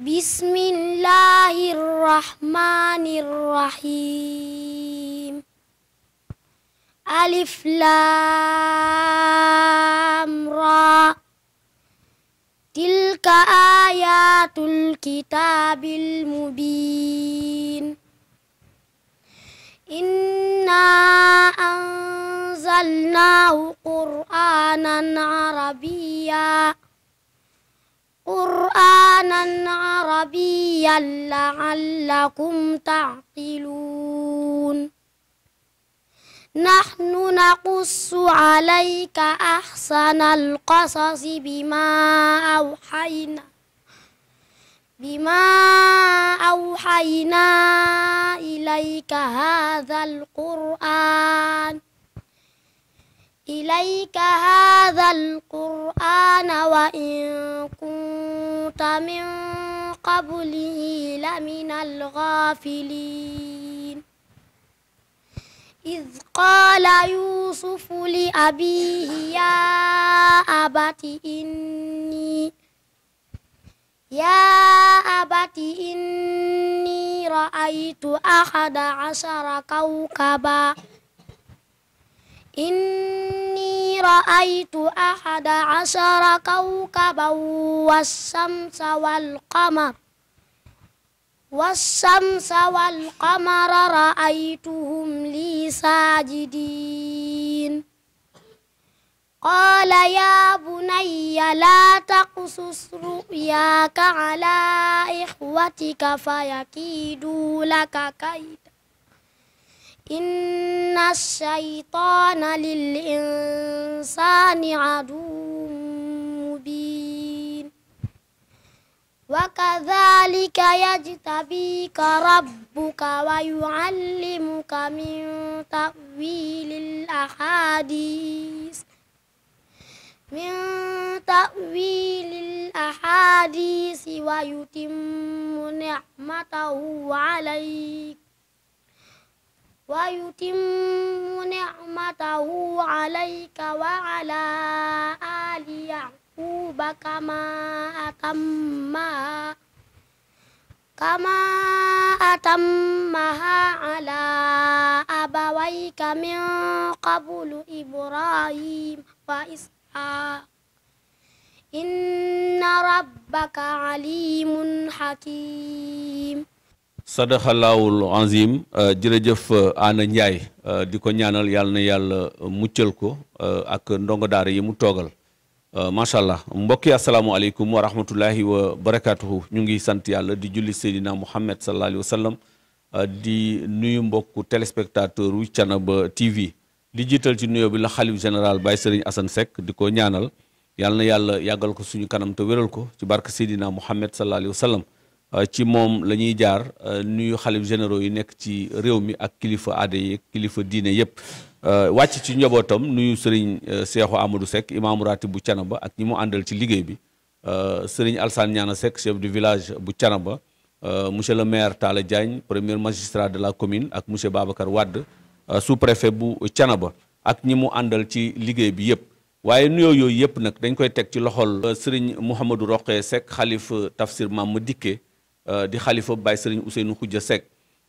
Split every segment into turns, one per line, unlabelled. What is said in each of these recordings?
بسم الله الرحمن الرحيم ألف لام را تلك آيات الكتاب المبين إنا أنزلناه قرآنا عربيا قرآن صبيا لعلكم تعقلون نحن نقص عليك أحسن القصص بما أوحينا بما أوحينا إليك هذا القرآن إليك هذا القرآن وإن كنت من قبله لمن الغافلين إذ قال يوسف لأبيه يا أبت إني يا أبت إني رأيت أحد عشر كوكباً إني رأيت أحد عشر كوكبا والشمس والقمر والشمس والقمر رأيتهم لي ساجدين قال يا بني لا تقصص رؤياك على إخوتك فيكيدوا لك كيدا inna shaytaana lil insaani aduwwun mubiin wa kadhalika yajtabika rabbuka wa yuallimuka min ta'wilil ahadis من تأويل الأحاديث ويتم نعمته عليك ويتم نعمته عليك وعلى آل يعقوب كما أتمها كما أتمها على أبويك من قبل إبراهيم وإسحاق إن ربك عليم حكيم
sadaxalaawul enzim euh, jërëjëf euh, Anna Ndiaye euh, di ko ñaanal yàlla na yàlla muccal ko ak ndongo daara yi mu toogal macha allah mbokk yi asalaamualeykum wa rahmatullahi wa barakaatuhu ñu ngi sant yàlla di julli Seydina Muhammad sallallahu alayhi sallam di nuyu mbokku téléspectateur wu Thiénaba TV di jiital ci nuyo bi la xalif général Baye Serigne Assane Seck di ko ñaanal yàlla na yàlla yàggal ko suñu kanam te wéral ko ci barke Seydina Muhammad sallallahu alayhi sallam Euh, ci moom la ñuy jaar euh, nuyu xalif généraux yu nekk ci réew mi ak kilifa aada yi kilifa diine yépp euh, wàcc ci njabootam nuyu sëriñ Seexu Amadou Seck imaamu ratib bu Canaba ak ñi mu àndal ci liggéey bi sëriñ Alsane Niana Seck chef du village bu Canaba monsieur le maire Talla Diagne premier magistrat de la commune ak monsieur Babacar wàdd sous-préfet bu Canaba ak ñi mu àndal ci liggéey bi yépp waaye nuyoo yooyu yépp nag dañ koy teg ci loxol sëriñ Mouhamadou Roqe Seck xalif tafsir ma dikkee Euh, di xalifa Baye Serigne Ousseynou Khoudia Seck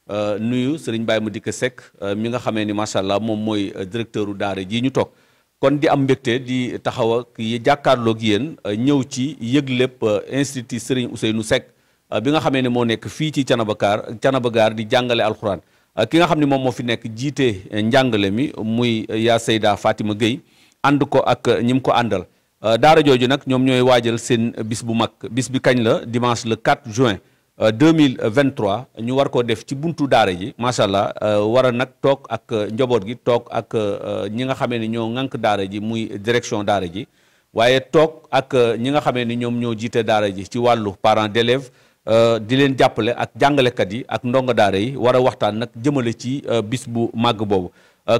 euh, nuyu baay Baye Madick Seck euh, mi nga xamee ni macha allah moom mooy directeur u daara jii ñu toog kon di am mbégte di taxaw ak jàkkaarloog yéen ñëw ci yëg lépp institut Serigne Ousseynou Seck bi nga xamee ne moo nekk fii ci Canabakar Canabakar di jàngale alxuraan ki nga xam ne moom moo fi nekk jiite njàngale mi muy yaa Seyda Fatima Gueye ànd ko ak ñi ko àndal daara jooju nag ñoom ñooy waajal seen bis bu mag bis bi kañ la dimanche le 4 juin. Euh, deux mille vingt ñu war koo def ci buntu daara ji macha allah euh, war a nag toog ak euh, njaboot gi toog ak ñi nga xamee ni ñoo ŋànk daara ji muy direction daara ji waaye toog ak ñi nga xamee ni ñoom ñoo jiite daara ji ci wàllu parents d'élèves di leen jàppale ak jàngalekat yi ak ndongo daara yi war a waxtaan nag jëmale ci bis bu màgg boobu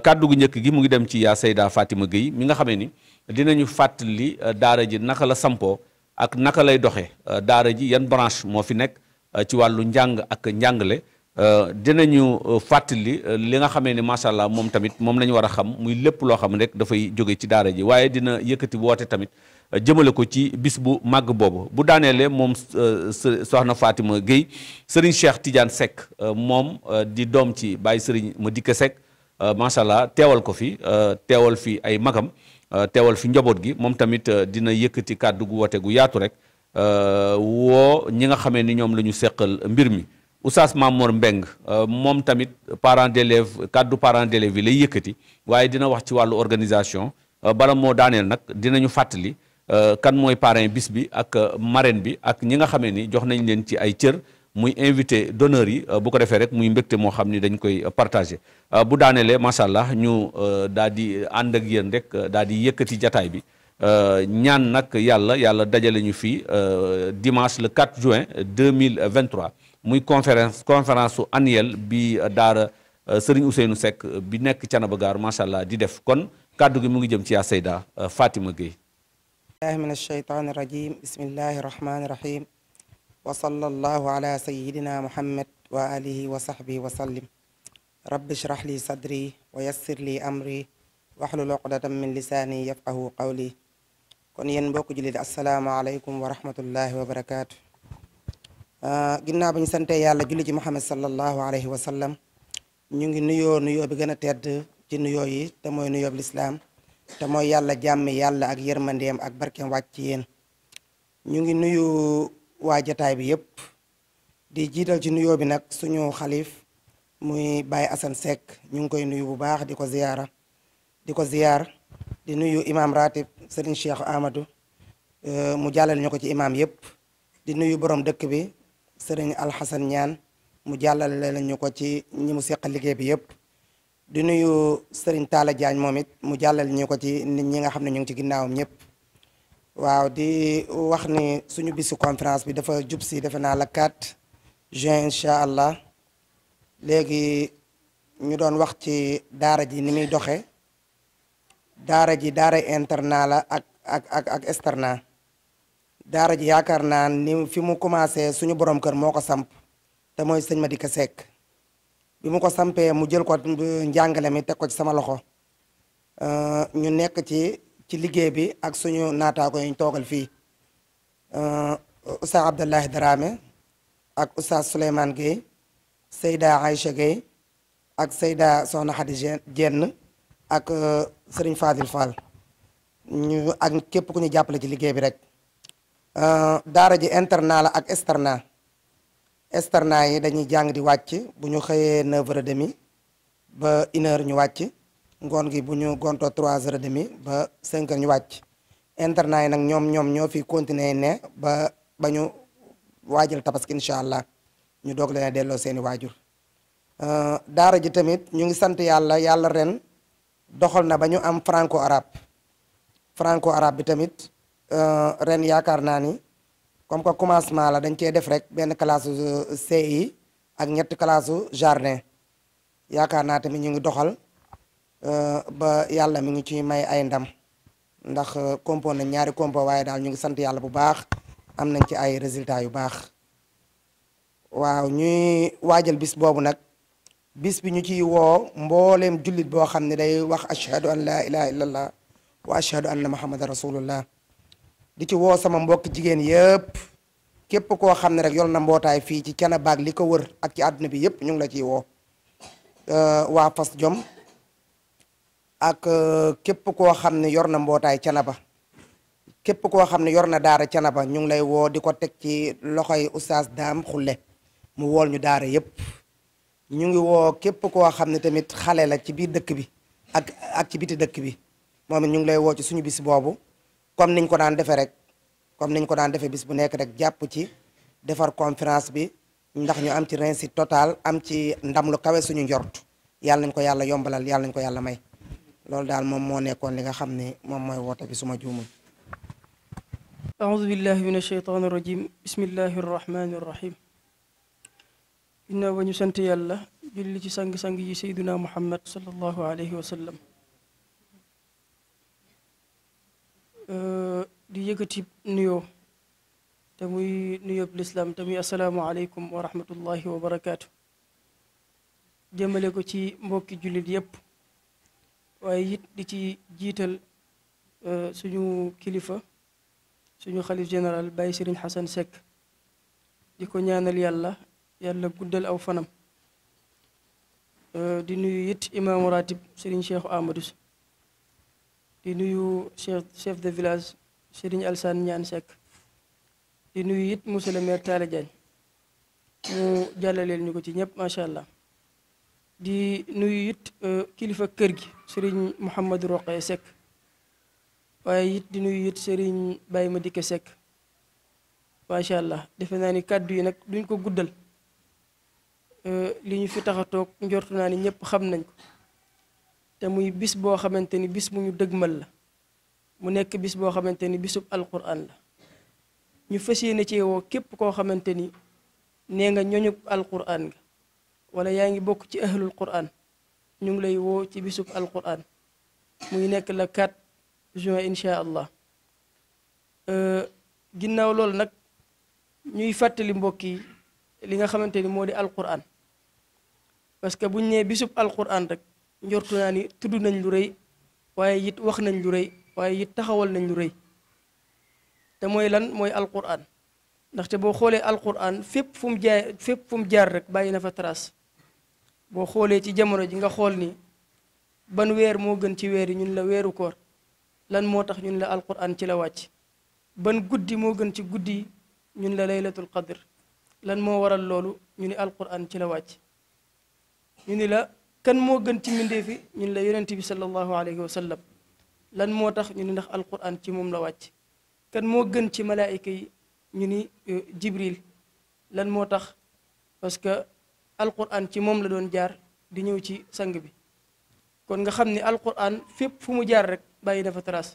kàddu gu njëkk gi mu ngi dem ci yaa Seyda Fatima Gueye mi nga xamee ni dinañu fàttali daara ji naka la sampoo ak naka lay doxee daara ji yan branche moo fi nekk. Euh, ci wàllu njàng ak njàngale euh, dinañu euh, fàttali li nga xamee ni macha moom tamit moom la ñu war a xam muy lépp loo xam ne rek dafay jóge ci daara ji waaye dina yëkkati woote tamit jëmale ko ci bis bu màgg boobu bu daaneele moom soxna Fatima Gueye Serigne Cheikh Tidiane Seck moom di doom ci Baye Serigne Madické Seck macha allah teewal ko fi teewal fi ay magam teewal fi njaboot gi moom tamit dina yëkkati kàddu gu woote gu yaatu rek. Euh, woo ñi nga xamee ni ñoom la ñu seqal mbir mi Oustaz Mamour Mbeng euh, moom tamit parents d'élèves kàddu parents d'élèves yi lay yëkkati waaye dina wax ci wàllu organisation euh, bala moo daaneel nag dinañu fàttali kan mooy parrain bis bi ak marraine bi ak ñi nga xamee ni jox nañ leen ci ay cër muy invité d'honneur yi bu ko defee rek muy mbégte moo xam ni dañ koy partagé bu daanelee macha allah ñu daal di ànd ak yéen rek daal di yëkkati jataay bi. Euh, ñaan nag yàlla yàlla dajale ñu fii euh, dimanche le 4 juin mille 2023 muy conférence conférence su annuelle bi daara euh, Serigne Ousseynou Seck bi nekk Thiénaba Gare macha di def kon kàddu gi mu ngi jëm ci yaa Seyda Fatima Gueye
billahi min alsheytan irrajim bismillahi irrahmani irrahim wa sallallahu ala sayidina muhammad wa alihi wa sahbihi wa sallim rabbi shrah li sadri wa yassir li amri wahlul uqdatan min lisaani yafqahu qawli kon yéen mbokk jullit asalaamaaleykum wa rahmatullahi wa barakaatu. Ah, ginnaaw ba ñu sante yàlla julli ci Muhammad sallallahu alayhi wa sallam ñu ngi nuyoo nuyoo bi gën a tedd ci nuyoo yi te nuyoo bi lislaam te mooy yàlla jàmm yàlla ak yërmandeem ak barkeem wàcc ci yéen ñu ngi nuyu waa jataay bi yëpp di jiital ci nuyoo bi nag suñu xalif muy Baye Assane Seck ñu ngi koy nuyu bu baax di ko ziyaara di ko ziyaar di nuyu imaam ratib sëriñ Cheikh Amadou euh, mu jàllale ñu ko ci imaam yëpp di nuyu borom dëkk bi sëriñ Alxasan ñaan mu jàllale ñu ko ci ñi mu seqal liggéey bi yëpp di nuyu sëriñ Talla Diagne moom it mu jàllal ñu ko ci nit ñi nga xam ne ñu ngi ci ginnaawam ñëpp waaw di wax ni suñu bisu conférence bi dafa jub si defe naa la 4 juin incha allah léegi ñu doon wax ci daara ji ni muy doxee. daara ji daara internat la ak ak ak ak externat daara ji yaakaar naa ni fi mu commencé suñu borom kër moo ko samp te mooy sëñ Madika Seck bi mu ko sampee mu jël ko euh, njàngale mi teg ko ci sama loxo euh, ñu nekk ci ci liggéey bi ak suñu naataako yi ñu toogal fii euh, Oustaz Abdallahi Dramé ak Oustaz Souleymane Gueye Seyda Aïcha Gueye ak Seyda Soxna Xadi Jenn ak euh, Serigne Fadil Fall ñu ak képp ku ñu jàppale ci liggéey bi rek euh, daara ji internat la ak externat externat yi dañuy jàng di wàcc bu ñu xëyee 9 heures demi ba 1 ñu wàcc ngoon gi bu ñu gontoo 3 heures et demi ba 5 ñu wàcc internat yi nag ñoom ñoom ñoo fi continuer ne ba ba ñu waajal tabaski incha allah ñu doog leen delloo seeni waajur euh, daara ji tamit ñu ngi sant yàlla yàlla ren. doxal na ba ñu am franco arabe franco arabe bi tamit euh, ren yaakaar naa ni comme que commencement la dañ cee def rek benn classe euh, CI ak ñetti classe jardin yaakaar naa tamit ñu ngi doxal euh, ba yàlla mi ngi ci may ay ndam ndax compo na ñaari compo waaye daal ñu ngi sant yàlla bu baax am nañ ci ay résultats yu baax waaw ñuy waajal bis boobu nag. bis bi ñu ciy woo mbooleem jullit boo xam ne day wax ashhadu an laa ilaha illallah wa ashhadu anna muhammadan rasulullah di ci woo sama mbokk jigéen yëpp képp koo xam ne rek yor na mbootaay fii ci cana li ko wër ak ci àdduna bi yëpp ñu ngi la ciy woo euh, waa fas jom ak euh, képp koo xam ne yor na mbootaay cana ba képp koo xam ne yor na daara cana ba ñu ngi lay woo di ko teg ci loxoy oustaz daam xulle mu wool ñu daara yëpp ñu ngi woo képp koo xam ne tamit xale la ci biir dëkk bi ak ak ci biti dëkk bi moom it ñu ngi lay woo ci suñu bis boobu comme niñ ko daan defee rek comme niñ ko daan defee bis bu nekk rek jàpp ci defar conférence bi ndax ñu am ci réussite totale am ci ndam lu kawe suñu njort yàlla nañ ko yàlla yombalal yàlla nañ ko yàlla may loolu daal moom moo nekkoon li nga xam ne moom mooy woote bi suma juumul
ginnaaw ba ñu sant yàlla julli ci sang-sang yi sayduna muhammad sallallahu alayhi wa sallam di yëkkati nuyoo te muy nuyób lislaam te muy asalaamualeykum wa rahmatullahi wa jëmale ko ci mbokki jullit yëpp waaye it di ci jiital suñu kilifa suñu xalif général Baye Serigne Xasan Seck di ko ñaanal yàlla yàlla guddal aw fanam euh, di nuyu it imaamu ratib Serigne Cheikh Amadou di nuyu chef chef de village Serigne Alsane Niane Seck di nuyu it monsieur le maire Talla Diagne mu jàllaleel ñu ko ci ñëpp macha allah di nuyu it euh, kilifa kër gi Serigne Mouhamadou Roqe Seck waaye it di nuyu it Serigne ma Madike Seck macha allah defe naa ni kàddu yi nag duñ ko guddal. Euh, li ñu fi tax a toog njortu naa ni ñëpp xam nañ ko te muy bis boo xamante ni bis mu ñu dëgmal la mu nekk bis boo xamante ni bisu bisub alquran la ñu fas ne ci woo képp koo xamante ni nee nga ñoñu alquran nga wala yaa ngi bokk ci ahlul quran ñu ngi lay woo ci bisub alquran muy nekk la 4 juin incha allah euh, ginnaaw loolu nag ñuy fàttali mbokk yi li nga xamante ni moo di alquran parce que buñ nee bisub alquran rek njortu naa ni tudd nañ lu rëy waaye it wax nañ lu rëy waaye it taxawal nañ lu rëy te mooy lan mooy alquran ndaxte boo xoolee alquran fépp fu mu jaay fépp fu mu jaar rek bàyyi na fa trace boo xoolee ci jamono ji nga xool ni ban weer moo gën ci weer yi ñun la weeru koor lan moo tax ñun la alquran ci la wàcc ban guddi moo gën ci guddi ñun la laylatul qadr lan moo waral loolu ñu ni alquran ci la wàcc ñu ni la kan moo gën ci mbindee fi ñu ni la yonent bi sallallahu alayhi wa sallam lan moo tax ñu ni ndax alquran ci moom la wàcc kan moo gën ci malaayika yi ñu ni euh, jibril lan moo tax parce que alquran ci moom la doon jaar di ñëw ci sang bi kon nga xam ni alquran fépp fu mu jaar rek bàyyi dafa tras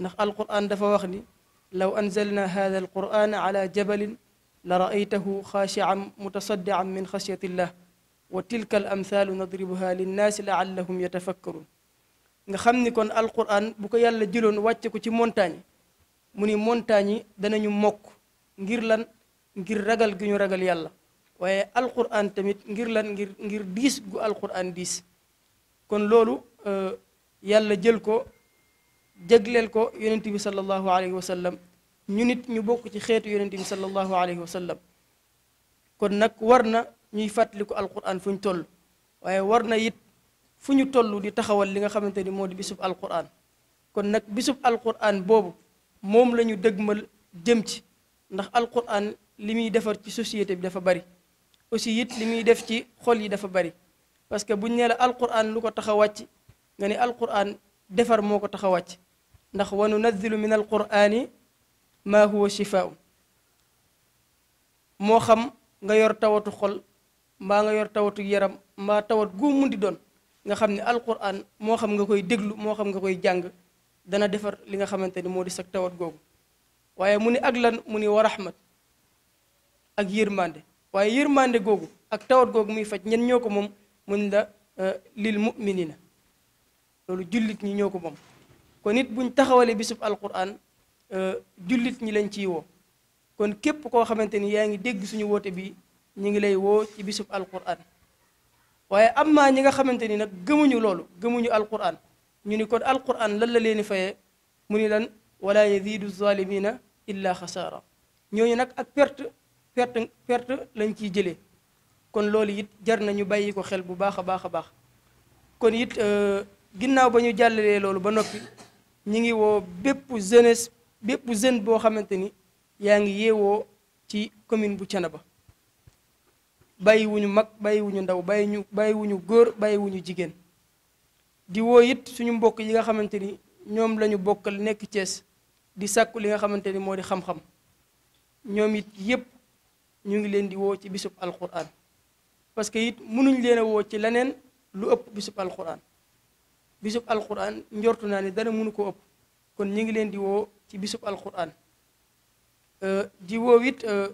ndax alquran dafa wax ni law anzalna hada alquran ala jabalin la ra'aytahu xaashi'an mutasaddi'an min xasyatillah wa tilka al amthaalu nadribuha linnaasi laallahum yatafakkarun nga xam ni kon alquran bu ko yàlla jëloon wàcce ko ci montagne mu ni montagne yi danañu mokk ngir lan ngir ragal gi ñu ragal yàlla waaye alquran tamit ngir lan ngir ngir diis gu alquran diis kon loolu euh, yàlla jël ko jagleel ko yonent bi sallallahu alayhi wa sallam ñu nit ñu bokk ci xeetu yonent bi sallallahu alayhi wa sallam kon nag war na ñuy fàttaliku alquran fu ñu toll waaye war na it fu ñu tollu di taxawal li nga xamante ni moo di bisub alquran kon nag bisub alquran boobu moom la ñu dëgmal jëm ci ndax alquran li muy defar ci société bi dafa bari aussi it li muy def ci xol yi dafa bari parce que buñ nee la alquran lu ko tax a wàcc nga ne alquran defar moo ko tax a wàcc ndax wa nunazilu min alqurani ma huwa shifaau moo xam nga yor tawatu xol mbaa nga yor tawatu yaram mbaa tawat goo mun di doon nga xam ne alquran moo xam nga koy déglu moo xam nga koy jàng dana defar li nga xamante ni moo di sag tawat googu waaye mu ni ak lan mu ni wa rahmat ak yërmande waaye yërmande googu ak tawat googu muy faj ñen ñëw ko moom mun la euh, lil na loolu jullit ñi ñëw ko moom kon nit buñ taxawalee bisub alquran euh, jullit ñi lañ ciy woo kon képp koo xamante ni yaa ngi dégg suñu woote bi ñu ngi lay woo ci bisub alquran waaye am ñi nga xamante ni nag gëmuñu loolu gëmuñu alquran ñu ni kon alquran lan la leen di fayee mu ni lan wala yazidu zalimina illa xasaara ñooñu nag ak perte perte perte lañ ciy jëlee kon loolu it jar nañu bàyyi ko xel bu baax a baax a baax kon it euh, ginnaaw ba ñu jàllalee loolu ba noppi ñi ngi woo bépp jeunesse bépp jeune boo xamante ni yaa ngi yeewoo ci commune bu Thiénaba bàyyiwuñu mag bàyyiwuñu ndaw bàyyi ñu bàyyi góor bàyyi jigéen di woo it suñu mbokk yi nga xamante ni ñoom la ñu bokkal nekk Cees di sàkku li nga xamante ni moo di xam-xam ñoom it yépp ñu ngi leen di woo ci bisub alquran parce que it mënuñ leen a woo ci leneen lu ëpp bisub alquran bisub alquran njortu naa ne dara mënu ko ëpp kon ñu ngi leen di woo ci bisub alquran euh, di woo it euh,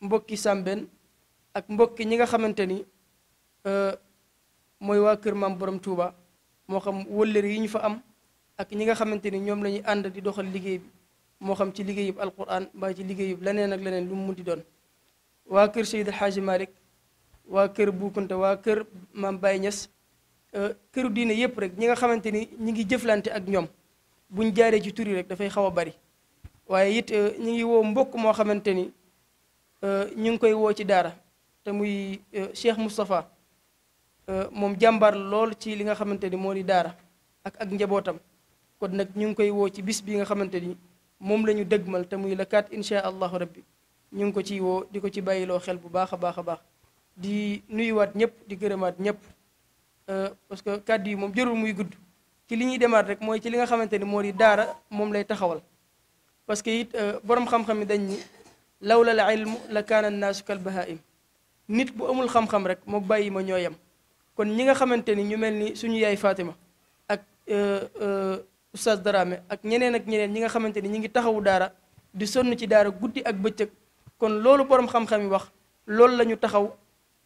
mbokki sàmben ak mbokki ñi nga xamante ni euh, mooy waa kër maam borom tuuba moo xam wëllër yi ñu fa am ak ñi nga xamante ni ñoom lañuy ñuy ànd di doxal liggéey bi moo xam ci liggéeyub alquran mbaa ci liggéeyub leneen ak leneen lu mu di doon waa kër Seydil Hadji Malick waa kër Boukounta waa kër maam Baye Niass euh, këru diine yépp rek ñi nga xamante ni ñi ngi jëflante ak ñoom buñ jaaree ci turi rek dafay xaw a bari waaye it euh, ñi ngi woo mbokk moo xamante ni ñu ngi koy woo ci daara te muy euh, Cheikh Moustapha euh, moom jàmbaar lool ci li nga xamante ni moo di daara ak ak njabootam kon nag ñu ngi koy woo ci bis bi nga xamante ni moom la ñu dëgmal te muy la kat incha allahu rabbi ñu ngi ko ciy woo di ko ci bàyyiloo xel bu baax a baax a baax di nuyuwaat ñëpp di gërëmaat ñëpp euh, parce que kàddu yi moom jërul muy gudd ci li ñuy demaat rek mooy ci li nga xamante ni moo di daara moom lay taxawal parce que it borom xam-xam dañ lawla al ilmu la kaana annaasu kal bahaim nit bu amul xam-xam rek moo bàyyi ma ñoo yem kon ñi nga xamante ni ñu mel ni suñu yaay Fatima ak euh, euh, oustaz Darame ak ñeneen ak ñeneen ñi nga xamante ni ñu ngi taxawu daara di sonn ci daara guddi ak bëccëg kon loolu borom xam-xam yi wax loolu la ñu taxaw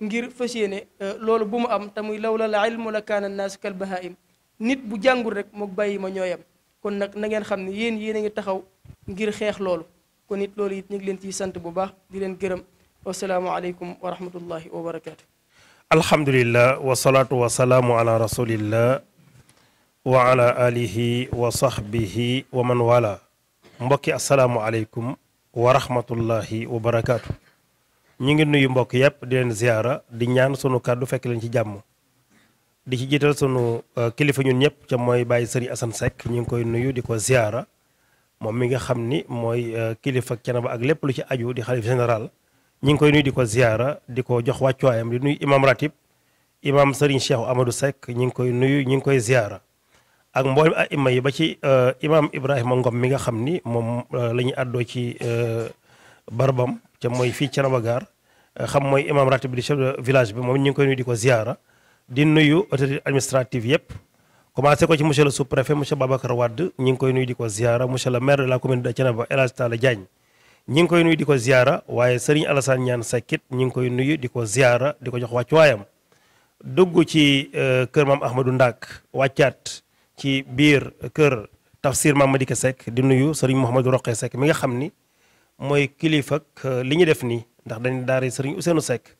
ngir fas yéene euh, loolu bu mu am te muy law la la ilmu la kaana naas kal bahaim nit bu jàngul rek mook bàyyi ma ñoo yem kon nag na ngeen xam ne yéen yéen a ngi taxaw ngir xeex loolu kon nit loolu it ñu ngi leen ciy sant bu baax di leen gërëm wasalaamualeykum wa rahmatullahi wa barakaatu.
alhamdulilah wasalaatu wasalaamu ala rasulillah wa ala wa man wala mbokki asalaamualeykum wa rahmatullahi wa barakaatu. ñu ngi nuyu mbokk yëpp di leen ziara di ñaan sunu kàddu fekk leen ci jàmm. di ci jiital sunu euh, kilifa ñun ñëpp ca mooy bàyyi sëriñ Assane ñu ngi koy nuyu di ko ziara moom mi nga xam ni mooy euh, kilifa Thiénaba ak lépp lu ci aju di xalif général. ñi ngi koy nuy di ko ziyaara di ko jox wàccuwaayam di nuy imam ratib imaam Serigne Cheikh Amadou Seck ñi ngi koy nuyu ñi ngi koy ziyaara ak mboolem a ima yi ba ci euh, imam Ibrahima Ngom mi nga xam ni moom euh, lañu addoo ci euh, barbam ca mooy fii Thiénaba Gare xam mooy imam ratib di chef de village bi moom ñi ngi koy nuyu di ko ziyaara di nuyu autorité administrative yëpp commencé ko ci monsieur le sous-préfet monsieur Babacar ngi koy nuyu di ko ziyaara monsieur le maire de la commune ñi ngi koy nuyu di ko ziyaara waaye sëriñ Alassane ñaan sakkit ñi ngi koy nuyu di ko ziyaara di ko jox wàcc waayam dugg ci euh, kër maam Ahmadou Ndak wàccaat ci biir kër tafsir maam Madike Seck di nuyu sëriñ Mouhamadou Roqe Seck mi nga xam ni mooy kilifa euh, li ñu def nii ndax dañ daara sëriñ Ousseynou Seck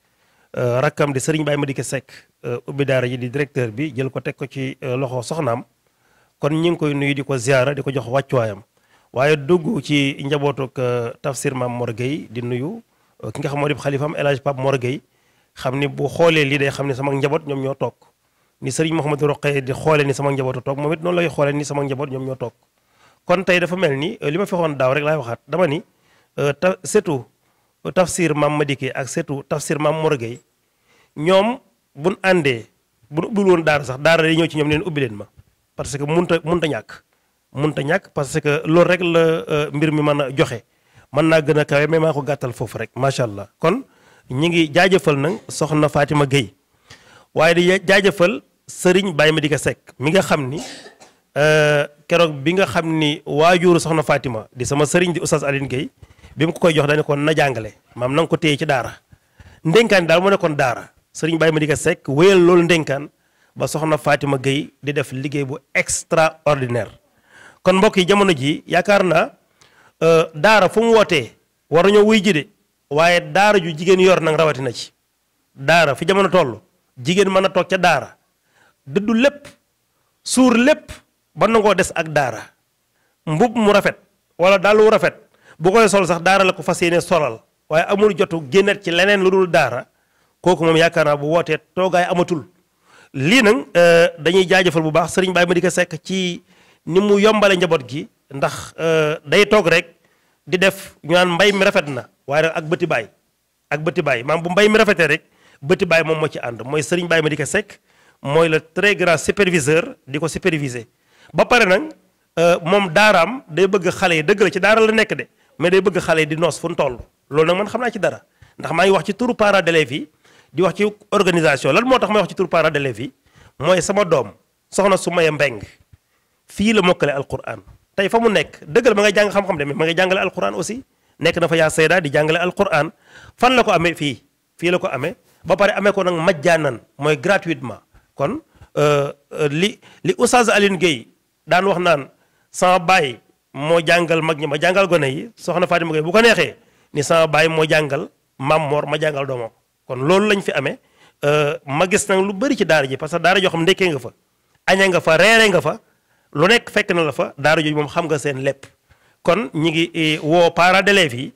euh, rakkam di sëriñ Baye Madike sekk ubbi daara ji di directeur bi jël ko teg ko ci loxo soxnaam kon ñi ngi koy nuyu di ko ziyaara di ko jox wàccuwaayam waaye dugg ci njabootuk euh, tafsir maam Mor Gueye di nuyu euh, ki nga xam moo di xalifam El Hadj Pape Mor xam ni bu xoolee lii day xam ni sama njaboot ñoom ñoo toog ni sëriñ Mouhamadou Roqe di xoolee ni sama njaboot a toog moom lay xoolee ni sama njaboot ñoom ñoo toog kon tey dafa mel ni euh, li ma fi daaw rek laay waxaat dama ni ta surtout tafsir ma Madiké ak surtout tafsir maam Mor Gueye ñoom buñ àndee buñ ubbil woon daara sax daara day ñëw ci ñoom leen ubbi leen ma parce que munta munta ñàkk mënut a ñàkk parce que loolu rek la euh, mbir mi mën a joxe mën naa gën a kawe mais maa ko gàttal foofu rek macha allah kon ñi ngi jaajëfal nag soxna Fatima Gueye waaye di jaajëfal sëriñ Baye Madika Seck mi nga xam ni euh, keroog bi nga xam ni waajuru soxna Fatima di sama Serigne di Oustaz Aline bi mu ko koy jox dañu ko na jàngale maam na ko téye ci daara ndénkaan daal mu nekkoon daara Serigne Baye Madika Seck wéyal loolu ndénkaan ba soxna Fatima Gueye di def liggéey bu extraordinaire. kon mbokk yi jamono ji yaakaar naa euh, daara fu mu wootee war wuy ji de waaye daara ju jigéen yor nag rawatina ci daara fi jamono toll jigéen mën a toog ca daara dëddu lépp suur lépp ba nangoo des ak daara mbub mu rafet wala daal wu rafet bu koy sol sax daara la ko fas yéene solal waaye amul jotu génnet ci leneen lu dul daara kooku moom yaakaar naa bu wootee toogaay amatul lii nag euh, dañuy jaajëfal bu baax sëriñ Baye Madika Seck ci ni mu yombale njaboot gi ndax euh, day toog rek di def ñu naan mbay mi rafet na waaye ak bëti baay ak bëti baay maam bu mbay mi rafetee rek bëti baay moom moo ci ànd mooy sëriñ baay ma di ko sekk mooy le très grand superviseur di ko superviser. ba pare nag euh, moom daaraam day bëgg xale yi dëgg la ci daara la nekk de mais day bëgg xale yi di noos fu mu loolu nag man xam naa ci dara ndax maa ngi wax ci turu parents d'élèves yi di wax ci organisation lan moo tax may wax ci turu parents d'élèves yi mooy sama doom soxna Soumaya Mbengue fii la mokkale alquran tey fa mu nekk dëgg la ma ngay jàng xam-xam de mais ma ngay jàngale alquran aussi nekk na fa yaa sayda di jàngale alquran fan la ko amee fii fii la ko amee ba pare amee ko nag majjaanan mooy gratuitement kon euh, euh, li li Oustaz alin Guèye daan wax naan sama baay moo jàngal mag ñi ma jàngal gone yi soxna Fatima Guèye bu ko neexee ni sama baay moo jàngal maam moor ma jàngal doomam kon loolu lañ fi amee euh, ma gis nag lu bëri ci daara ji parce que daara joo xam ndekkee nga fa aña nga fa reere nga fa lu nekk fekk na la fa daara jooju moom xam nga seen lépp kon ñi ngi eh, woo parents d'élèves yi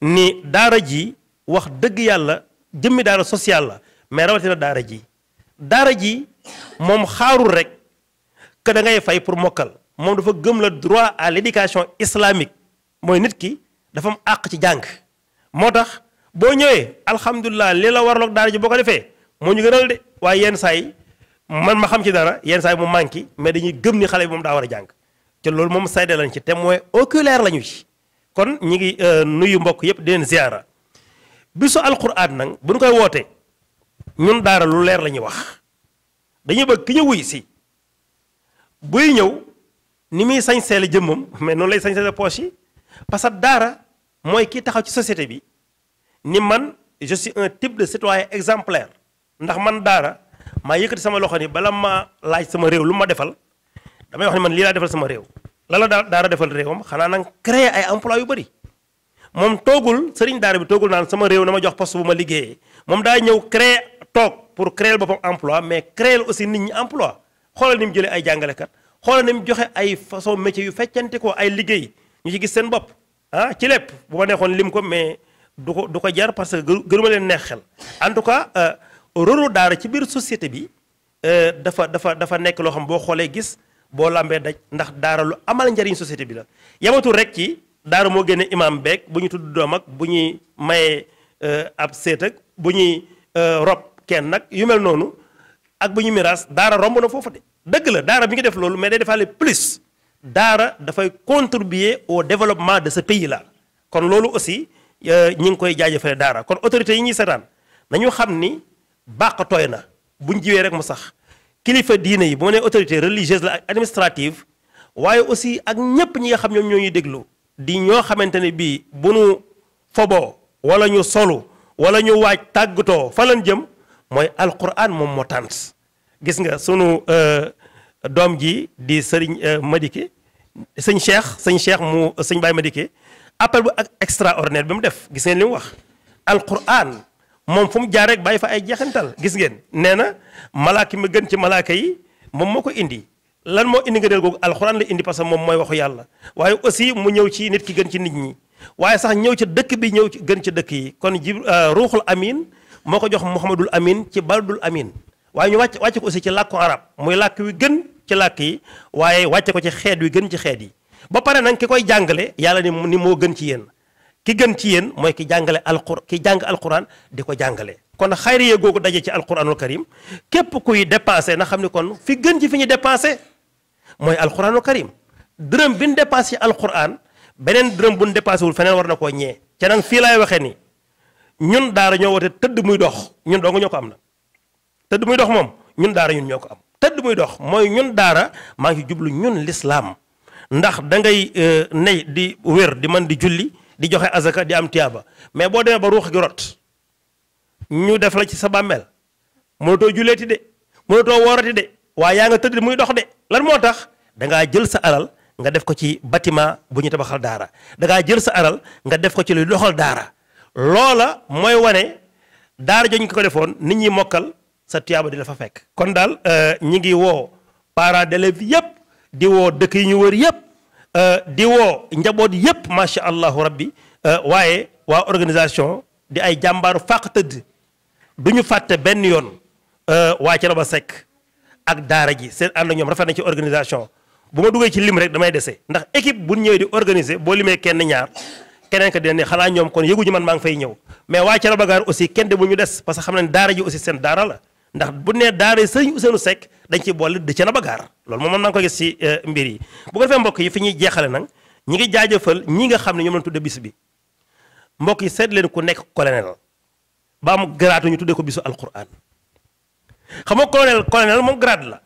ni daara ji wax dëgg yàlla jëmmi daara sociale la mais rawatina daara ji daara ji moom xaarul rek que da ngay fay pour mokkal moom dafa gëm la droit à l'éducation islamique mooy nit ki dafa am àq ci jàng moo tax boo ñëwee alhamdulilah li la warloog daara ji boo ko defee moo ñu gënal de waaye yenn saa yi man ma xam ci dara yenn saa yi mu manqué mais dañuy gëm ni xale bi moom daa war a jàng te loolu moom sayde lañ ci témoin oculaire la lañu ci kon ñi ngi euh, nuyu mbokk yëpp di leen ziara bisu alquran nag bu ñu koy wootee ñun daara lu leer la ñuy wax dañuy bëgg ki ñu wuy si buy ñëw ni muy sañseele jëmmam mais noonu lay sañseele poche yi parce que daara mooy kii taxaw ci société bi ni man je suis un type de citoyen exemplaire ndax man daara maa yëkkati sama loxo ni bala ma laaj sama réew lu ma defal damay wax ni man lii laa defal sama réew la la daara defal réewam xanaa nag créer ay emploi yu bëri moom toogul sëriñ daara bi toogul naan sama réew na ma jox poste bu ma liggéeyee moom daa ñëw créer toog pour créer boppam emploi mais créer aussi nit ñi emploi xoolal ni mu jëlee ay jàngalekat xoolal ni mu joxe ay façon métier yu feccante ko ay liggéey ñu ci gis seen bopp ah ci lépp bu ma neexoon lim ko mais du ko du ko jar parce que gënuma leen neex xel rôle daara ci biir société bi euh, dafa dafa dafa nekk loo xam boo xoolee gis boo làmbee daj ndax daara lu amal njariñ société bi la yamatul rek ci daara moo génne imaam beeg bu ñu tudd doom ak bu ñuy mayee euh, ab seet ak bu ñuy euh, rob kenn nag yu mel noonu ak bu ñu miraas daara romb na foofu de dëgg la daara bi ngi def loolu mais day defaale plus daara dafay contribuer au développement de ce pays là kon loolu aussi ñi ngi koy jaajëfale daara kon autorités yi ñuy seetaan nañu xam ni bàq tooy na buñ jiwee rek mu sax kilifa diine yi bu ma nee autorité religieuse la ak administrative waaye aussi ak ñépp ñi nga xam ñoom ñoo ñuy déglu di ñoo xamante ne bii bu nu foboo wala ñu solu wala ñu waaj tàggatoo fa lan jëm mooy alquran moom moo tànt gis nga sunu euh, doom ji di sëriñ Madické sëñ Cheikh sëñ Cheikh mu sëñ Baye Madické appel bu ak extraordinaire bi mu def gis ngeen li mu wax alquran moom fu mu jaar rek bàyyi fa ay jeexantal gis ngeen nee na malaaka mi gën ci malaaka yi moom moo ko indi lan moo indi ngëneel googu alxuraan la indi parce que moom mooy waxu yàlla waaye aussi mu ñëw ci nit ki gën ci nit ñi waaye sax ñëw ci dëkk bi ñëw ci gën ci dëkk yi kon ji euh, ruuxul amin moo ko jox muhammadul amin ci baldul amin waaye ñu wàcc wàcce ko aussi ci làkku arab muy làkk wi gën ci làkk yi waaye wàcce ko ci xeet wi gën ci xeet yi ba pare nag ki koy jàngale yàlla ni ni moo gën ci yéen ki gën ci yéen mooy ki jàngale alqur ki jàng alquran di ko jàngale kon xayriye googu daje ci alquranul karim képp kuy dépensé na xam ni kon fi gën ci fi ñu dépensé mooy alquranul karim dërëm bi ñu dépensé ci alquran beneen dërëm bu ñu dépensé wul feneen war na koo ñee ca nag fii laay waxee nii ñun daara ñoo woote tëdd muy dox ñun dong ñoo ko am na tëdd muy dox moom ñun daara ñun ñoo ko am tëdd muy dox mooy ñun daara maa ngi jublu ñun lislaam ndax da ngay euh, ney di wér di mën di julli di joxe azaka di am tiyaaba mais boo demee ba ruux gi rot ñu def la ci sa bàmmeel mënatoo julleeti de mënatoo woorati de waaye yaa nga tëdd muy dox de lan moo tax da ngaa jël sa alal nga def ko ci bâtiment bu ñu tabaxal daara da jël sa alal nga def ko ci luy doxal daara loola mooy wane daara joñ ko defoon nit ñi mokkal sa tiyaaba di la fa fekk. kon daal euh, ñi ngi woo parents d'élèves yëpp di woo dëkk yi ñu wër yëpp. Euh, di njaboot yépp macha allahu rabbi euh, waaye waa organisation di ay jàmbaaru fàq tëdd du ñu fàtte benn yoon euh, waa ci ba Seck ak daara ji seen ànd ñoom rafet na ci organisation bu ma duggee ci lim rek damay dese ndax équipe bu ñëwee di organiser boo limee kenn ñaar keneen ka dina ne xanaa ñoom kon yëguñu man maa ngi fay ñëw mais waa ci Raba Gaar aussi kenn de bu ñu des parce que xam nañ daara ji aussi seen daara la ndax bu nee daaree sëriñ Ousseynou Seck dañ ciy boole di ca na bagaar loolu moom maa ngi ko gis si euh, mbir yi bu ko defee mbokk yi fi ñuy jeexale nag ñi ngi jaajëfal ñi nga xam ne ñoom lañ tudde bis bi mbokk yi seet leen ku nekk colonel ba am garaatu ñu tuddee ko bisu alquran xam nga colonel colonel moom grade la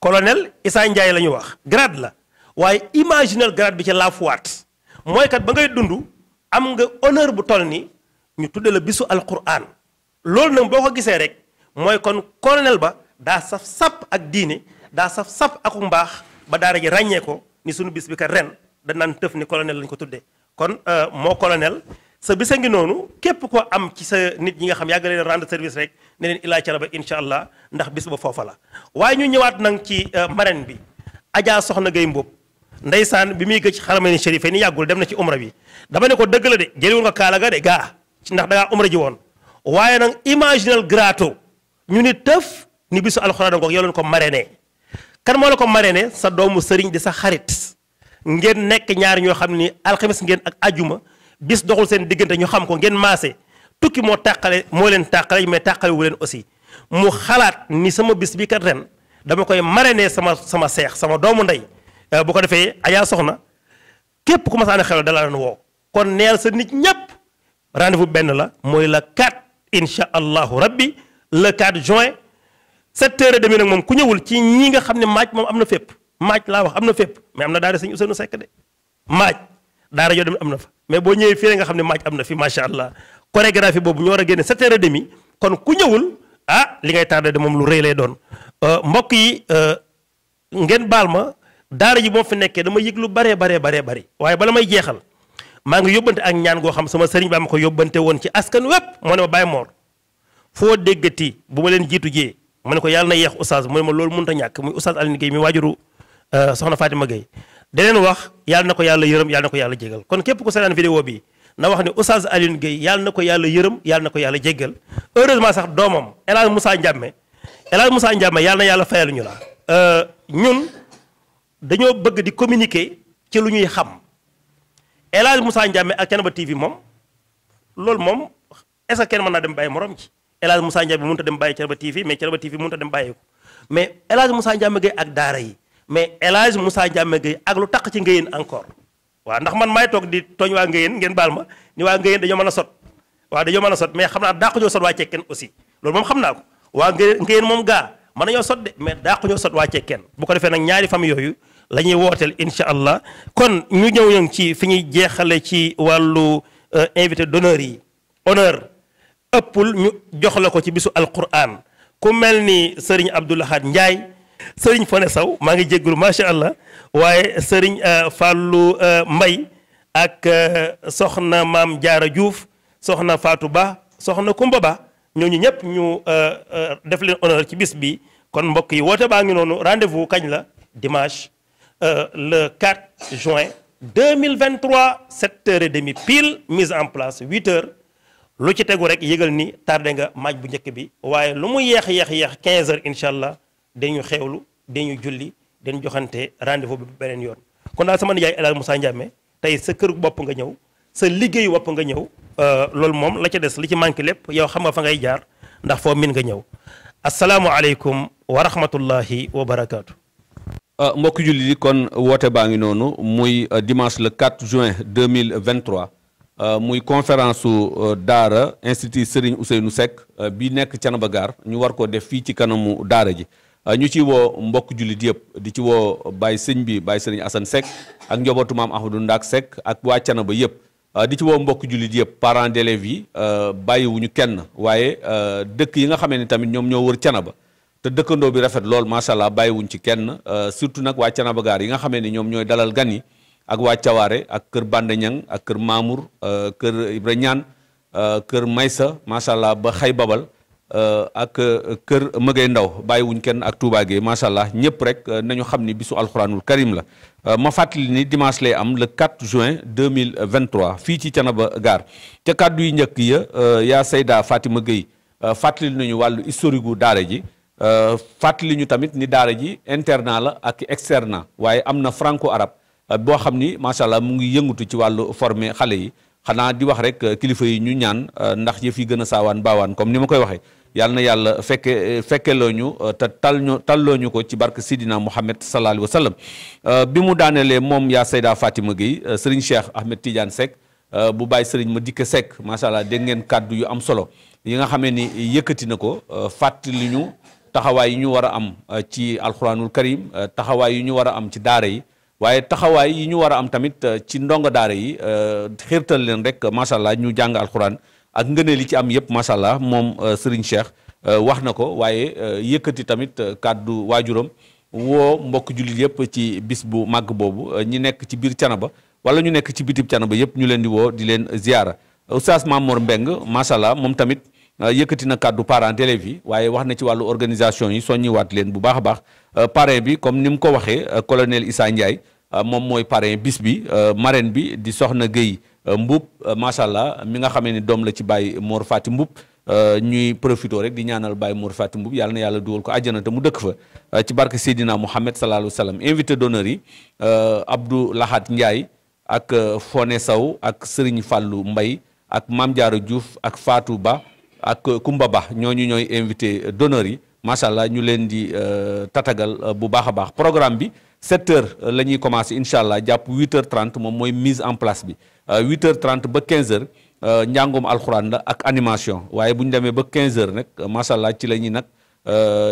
colonel Issa Ndiaye la ñu wax grade la waaye imaginal grade bi ca laafuwaat mooy kat ba ngay dund am nga honneur bu toll ni ñu tudde la bisu alquran loolu nag boo ko gisee rek mooy kon colonel ba daa saf sàpp ak diine daa saf sàpp ak mbaax ba daara ji ràññee ko ni sunu bis bi kat ren da naan tëf ni colonel lañ ko tuddee kon euh, moo colonel sa bisa ngi noonu képp ko am ci sa nit ñi nga xam yàgg leen rendre service rek ne leen ilaa ca la ba incha allah ndax bis ba foofa la waaye ñu ñëwaat nag ci euh, marraine bi Adja Soxna Gueye Mboup ndeysaan bi muy gëj xaramani shérif ni yàggul dem na ci umra bi dama ne ko dëgg la de jëliwul nga kaala ga de gaa ndax dangaa umra ji woon waaye nag imaginal grato ñu ni tëf ni bisu alxuraan ngoog yow leen ko marraine kan moo la ko marraine sa doomu sëriñ di sa xarit ngeen nekk ñaari ñoo xam ni alxames ngeen ak ajuma bis doxul seen diggante ñu xam ko ngeen maase tukki moo tàqale moo leen tàqale mais tàqale wu leen aussi mu xalaat ni sama bis bi kat ren dama koy marraine sama sama seex sama doomu ndey euh, bu ko defee ayaa soxna képp ku ma saan xelal dala leen woo kon neel sa nit ñépp rendez-vous benn la mooy la 4 incha allahu rabbi le 4 juin 7h30 nag moom ku ñëwul ci ñii nga xam ne maaj moom am na fépp maaj laa wax am na fépp mais am na daara sëñ Ousseynou Seck de maaj daara yoo dem am na fa mais boo ñëwee fii nga xam ne maaj am na fi macha allah chorégraphie boobu ñoo war a génne 7h30 kon ku ñëwul ah li ngay tardé de moom lu rëy lay doon euh, mbokk yi euh, ngeen baal ma daara ji boo fi nekkee dama yëg lu baree baree baree bari waaye bala may jeexal maa ngi yóbbante ak ñaan goo xam sama sëriñ baa ma ko yóbbante woon ci askan wépp moo ne ma foo déggati bu ma leen jiitu jee ma ne ko yàlla na yeex oustaz mu ne ma loolu mënut a ñàkk muy oustaz Alioune Guèye mi waajuru euh, soxna Fatima Guèye deneen wax yàlla na ko yàlla yërëm yàlla na ko yàlla jégal kon képp ku seetaan vidéo bi na wax ne oustaz Alioune Guèye yàlla na ko yàlla yërëm yàlla na ko yàlla jégal heureusement sax doomam El Hadj Moussa Ndiame El Hadj Moussa yàlla na yàlla fayal ñu la euh, ñun dañoo bëgg di communiquer ci lu ñuy xam El Hadj Moussa Ndiame ak Thiénaba TV moom loolu moom est-ce que kenn mën naa dem bàyyi moroom ci El musa Moussa Ndiamé mënut a dem bàyyi Thiénaba TV mais Thiénaba TV mënut a dem bàyyi ko mais El Hadj Moussa Ndiamé ak daara yi mais El Hadj Moussa Ndiamé ak lu taq ci ngéyeen encore waa ndax man maay toog di tooñ waa ngéyeen ngeen baal ma ni waa ngéyeen dañoo mën a sot waaw dañoo mën a sot mais xam naa dàq ñoo sot waa cekkeen aussi loolu moom xam naa ko waa ngéyeen moom gaa mën nañoo sot de mais dàq ñoo sot waa cekkeen bu ko defee nag ñaari famille yooyu la ñuy wooteel incha allah kon ñu ñëw ñëw ci fi ñuy jeexale ci wàllu euh, invité d'honneur yi honneur ëppul ñu jox la ko ci bisu alquran ku mel ni sëriñ Abdoul Ahad Ndiaye sëriñ fone Saw maa ngi jégalu macha allah waaye sëriñ euh, Fallou euh, Mbay ak euh, soxna maam Jaara Diouf soxna faatu Ba soxna Kumba Ba ñooñu ñëpp ñu def leen honneur ci bis bi kon mbokk yi woote baa ngi noonu rendez-vous kañ la dimanche le 4 juin 2023 7 heures et demie pile mise en place 8 heures. lu ci tegu rek yëgal ni tardé nga maj bu njëkk bi waaye lu mu yeex yeex yeex quinze heures incha allah dañu xewlu dañu julli dañ joxante rendez-vous bi beneen yoon. kon daal sama nijaay El Hadj Moussa Ndiame tey sa kër bopp nga ñëw sa liggéey bopp nga ñëw euh, loolu moom la ca des li ci manqué lépp yow xam nga fa ngay jaar ndax foo miin nga ñëw asalaamualeykum wa rahmatullahi wa barakaatu.
Euh, mbokk julli kon woote baa ngi noonu muy euh, dimanche le 4 juin 2023. Euh, muy conférence su euh, Daara institut Serigne Ousseynou Seck euh, bi nekk Thiénaba Gare ñu war koo def fii ci kanamu Daara ji ñu ci woo mbokk jullit yëpp di ci woo bàyyi sëñ bi Baye sëriñ Assane Seck ak njobootu maam Ahmadou Ndak Seck ak waa Thiénaba yëpp di ci woo mbokk jullit yëpp parents d'élèves yi bàyyiwuñu kenn waaye dëkk yi nga xamee ni tamit ñoom ñoo wër Thiénaba te dëkkandoo bi rafet lool macha allah bàyyiwuñ ci kenn surtout nag waa Thiénaba Gare yi nga xamee ni ñoom ñooy dalal gan ak waa Cawaare ak kër Bande Ñang ak kër Mamour euh, kër Ibra Ñaan euh, kër Maysa macha allah ba xay babal euh, ak kër Mëgay Ndaw bàyyiwuñ kenn ak Touba Gueye macha allah ñëpp rek nañu xam ni bisu alxuraanul karim la. ma fàttali ni dimanche lay am le 4 juin 2023 fii ci Canaba Gare ca kàddu yi njëkk ya yaa Seyda Fatima Gueye fàttali nañu wàllu historique gu daara ji. fàttali ñu tamit ni daara ji internat la ak externat waaye am na franco arab Euh, boo xam ni macha allah mu ngi yëngatu ci wàllu former xale yi xanaa di wax rek euh, kilifa yi ñu ñaan euh, ndax yëf yi gën a saawaan baawaan comme ni ma koy waxee yàlla na yàlla fekke fekkeloo ñu te tal ñu talloo ñu ko ci bark Sidina Muhammad sallallahu alayhi wa bi mu daanelee moom yaa Seyda Fatima Gueye Serigne Cheikh Ahmed Tidiane Seck bu bàyyi sëriñ ma dikk Seck macha allah dégg ngeen kàddu yu am solo yi nga xamee ni yëkkati na ko fàttali ñu taxawaay yi ñu war a am ci alxuraanul karim taxawaay yu ñu war a am ci daara yi. waaye taxawaay yi ñu war a am tamit euh, ci ndongo daara yi euh, xirtal leen rek macha allah ñu jàng alxuraan ak ngëneel li ci am yëpp macha moom euh, Serigne Cheikh wax na ko waaye yëkkati tamit kàddu waajuram woo mbokk jullit yëpp ci bis bu màgg boobu ñi nekk ci biir Canaba wala ñu nekk ci bitib Canaba yëpp ñu leen di woo di leen ziyaara oustaz Mamour Mbeng macha allah moom tamit. Euh, yëkkati na kàddu parents d'élèves waaye wax na ci wàllu organisation yi soo soññiwaat leen bu baax a baax euh, parrain bi comme ni mu ko waxee euh, colonel Issa Ndiaye moom mooy parrain bis bi marraine bi di soxna Guèye mbub macha allah mi nga xamee ni doom la ci Baye Mor Fati Mboup ñuy profité rek di ñaanal Baye Mor Fati mbub yàlla na yàlla duwal ko àjjana te mu dëkk fa ci barke Seydina Mouhamed salaahu alayhi wa salaam invité d'honneur yi abdu laxaat Ndiaye ak Foné saw ak Serigne Fallou Mbaye ak Mame Diarra ak Fatou Ba. ak Kumba Ba ñooñu ñooy invité d'honneur yi macha allah ñu leen di euh, tatagal euh, bu baax a baax programme bi 7 heures euh, la ñuy commencé incha allah jàpp 8 heures 30 moom mooy mise en place bi 8 heures 30 ba 15 heures njàngoom alxuraan la ak animation waaye bu ñu demee ba 15 heures nag macha allah ci la ñuy nag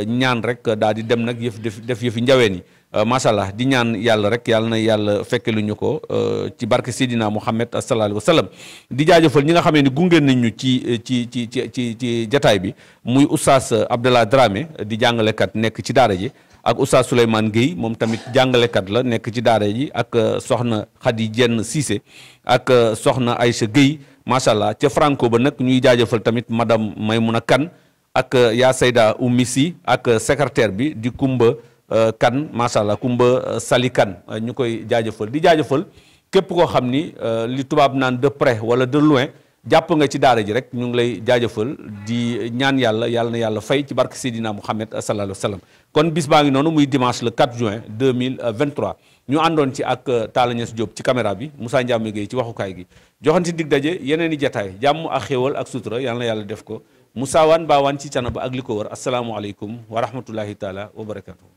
ñaan rek daal di dem nag yëf def def yëfi njaween yi. Euh, macha allah di ñaan yàlla rek yàlla na yàlla fekke lu ñu ko euh, ci barke Sidina Muhammad sallallahu alayhi di jaajëfal ñi nga xamee ni gungeen nañ ñu euh, ci ci ci ci ci jataay bi muy oustaz Abdallah Dramé di jàngalekat nekk ci daara ji ak oustaz Souleymane Guèye moom tamit jàngalekat la nekk ci daara ji ak soxna Khady Diène Cissé ak soxna Aïcha Guèye macha allah ca franco ba nag ñuy jaajëfal tamit madam may madame a kan ak yaa Sayda si ak secrétaire bi di Kumba. Euh, kan macha allah Kumba euh, Sali kan euh, ñu koy jaajëfal di jaajëfal képp koo xam ni li tubaab naan de près wala de loin jàpp nga ci daara ji rek ñu ngi lay jaajëfal di ñaan yàlla yàlla na yàlla fay ci barke Seydina Mouhamed sallallahu alayhi wa sallam kon bis baa ngi noonu muy dimanche le 4 juin mille 2023 ñu àndoon ci ak Talla Niass Diop ci caméra bi Moussa Ndiame Gueye ci waxukaay gi joxanti dig daje yeneen i jataay jàmm ak xéewal ak sutura yàlla na yàlla def ko Moussa Wane baawaan ci canaba ak li ko wër asalaamualeykum wa rahmatullahi taala wa barakatuh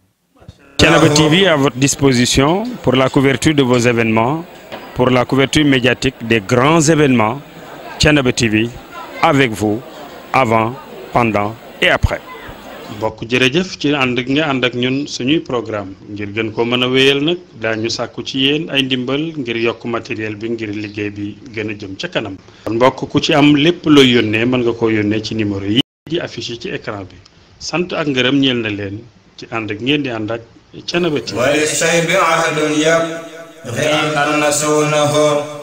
Thiénaba TV à votre disposition pour la couverture de vos événements, pour la couverture médiatique des grands événements. Thiénaba TV avec vous avant, pendant et après. mbokk jërëjëf ci ànd ak nga ànd ak ñun suñuy programme ngir gën ko mën a wéyal nag daañu sàkku ci yéen ay ndimbal ngir yokk matériel bi ngir liggéey bi gën a jëm ca kanam. kon mbokk ku ci am lépp looy yónnee mën nga ko yónnee ci numéro yi di affiché ci écran bi sant ak ngërëm ñeel na leen ci ànd ak ngeen di ànd ak. cenebati walisay
bi ahdun yab
xëy
an nasuunahu